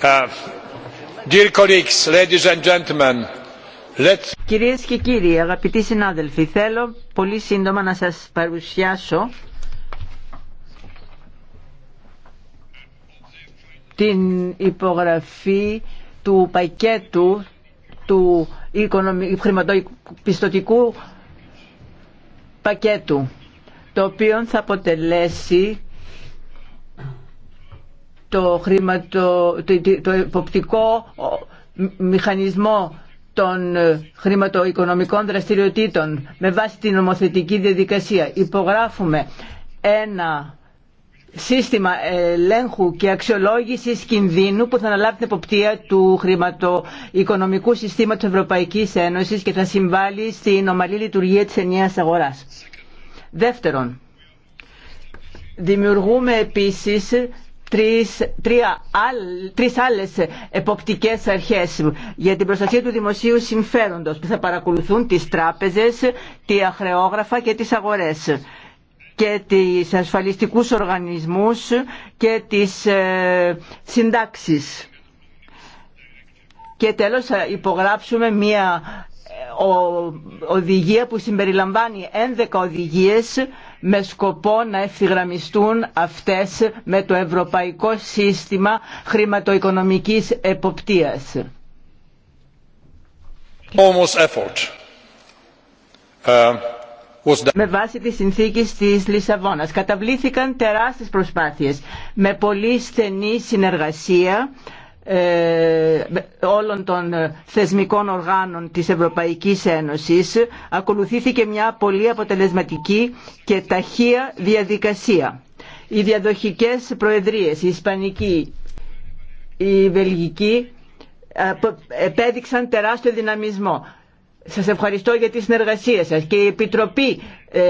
Uh, Κυρίες και κύριοι, αγαπητοί συνάδελφοι, θέλω πολύ σύντομα να σας παρουσιάσω την υπογραφή του πακέτου του χρηματοπιστωτικού πακέτου, το οποίο θα αποτελέσει το, υποπτικό το, το εποπτικό μηχανισμό των ε, χρηματοοικονομικών δραστηριοτήτων με βάση την νομοθετική διαδικασία. Υπογράφουμε ένα σύστημα ελέγχου και αξιολόγησης κινδύνου που θα αναλάβει την εποπτεία του χρηματοοικονομικού συστήματος Ευρωπαϊκής Ένωσης και θα συμβάλλει στην ομαλή λειτουργία της ενιαίας αγοράς. Δεύτερον, δημιουργούμε επίσης τρεις, τρία, τρεις άλλες εποπτικές αρχές για την προστασία του δημοσίου συμφέροντος που θα παρακολουθούν τις τράπεζες, τη αχρεόγραφα και τις αγορές και τις ασφαλιστικούς οργανισμούς και τις ε, συντάξεις. Και τέλος υπογράψουμε μία οδηγία που συμπεριλαμβάνει 11 οδηγίες με σκοπό να ευθυγραμμιστούν αυτές με το Ευρωπαϊκό Σύστημα Χρηματοοικονομικής Εποπτείας. Uh, με βάση τη συνθήκη της Λισαβόνας καταβλήθηκαν τεράστιες προσπάθειες με πολύ στενή συνεργασία ε, όλων των ε, θεσμικών οργάνων της Ευρωπαϊκής Ένωσης ακολουθήθηκε μια πολύ αποτελεσματική και ταχεία διαδικασία. Οι διαδοχικές προεδρίες, η Ισπανική, η Βελγική, ε, επέδειξαν τεράστιο δυναμισμό. Σας ευχαριστώ για τη συνεργασία σας και η Επιτροπή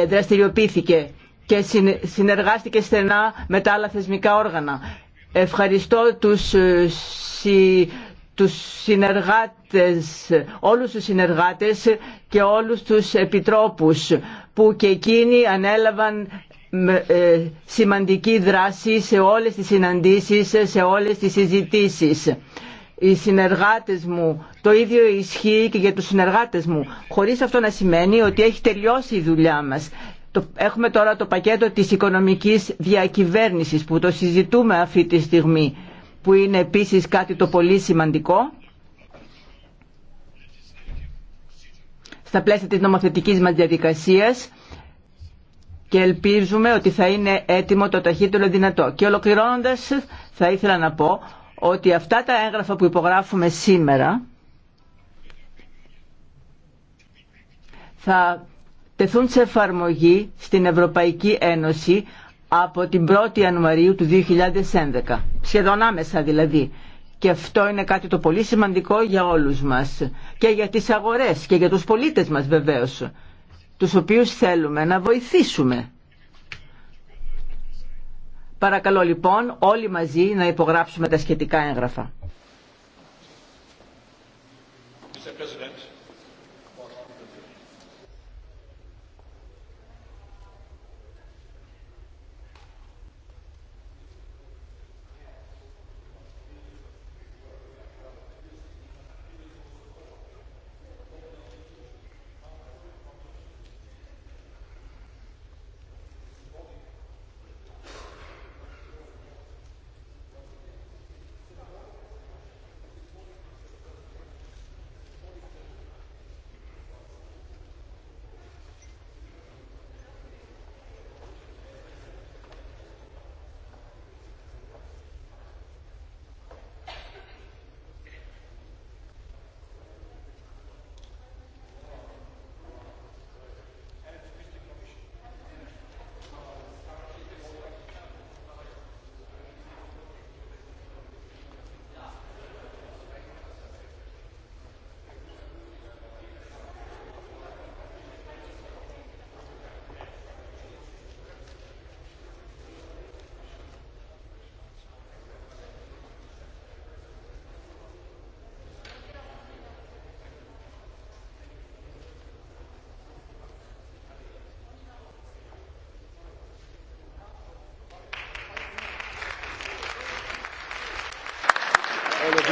δραστηριοποιήθηκε και συνεργάστηκε στενά με τα άλλα θεσμικά όργανα Ευχαριστώ τους, ε, τους συνεργάτες, όλους τους συνεργάτες και όλους τους επιτρόπους που και εκείνοι ανέλαβαν ε, σημαντική δράση σε όλες τις συναντήσεις, σε όλες τις συζητήσεις. Οι συνεργάτες μου, το ίδιο ισχύει και για τους συνεργάτες μου, χωρίς αυτό να σημαίνει ότι έχει τελειώσει η δουλειά μας έχουμε τώρα το πακέτο της οικονομικής διακυβέρνησης που το συζητούμε αυτή τη στιγμή που είναι επίσης κάτι το πολύ σημαντικό στα πλαίσια της νομοθετικής μας διαδικασίας και ελπίζουμε ότι θα είναι έτοιμο το ταχύτερο δυνατό. Και ολοκληρώνοντας θα ήθελα να πω ότι αυτά τα έγγραφα που υπογράφουμε σήμερα θα τεθούν σε εφαρμογή στην Ευρωπαϊκή Ένωση από την 1η Ιανουαρίου του 2011. Σχεδόν άμεσα δηλαδή. Και αυτό είναι κάτι το πολύ σημαντικό για όλους μας και για τις αγορές και για τους πολίτες μας βεβαίως, τους οποίους θέλουμε να βοηθήσουμε. Παρακαλώ λοιπόν όλοι μαζί να υπογράψουμε τα σχετικά έγγραφα.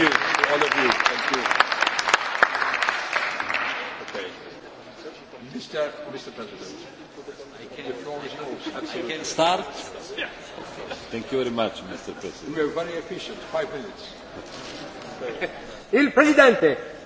you, To all of you. Thank you. Okay. Mr. Mr. President, the floor is yours. Absolutely. I can start. Yeah. Thank you very much, Mr. President. We are very efficient. Five minutes. Il Presidente.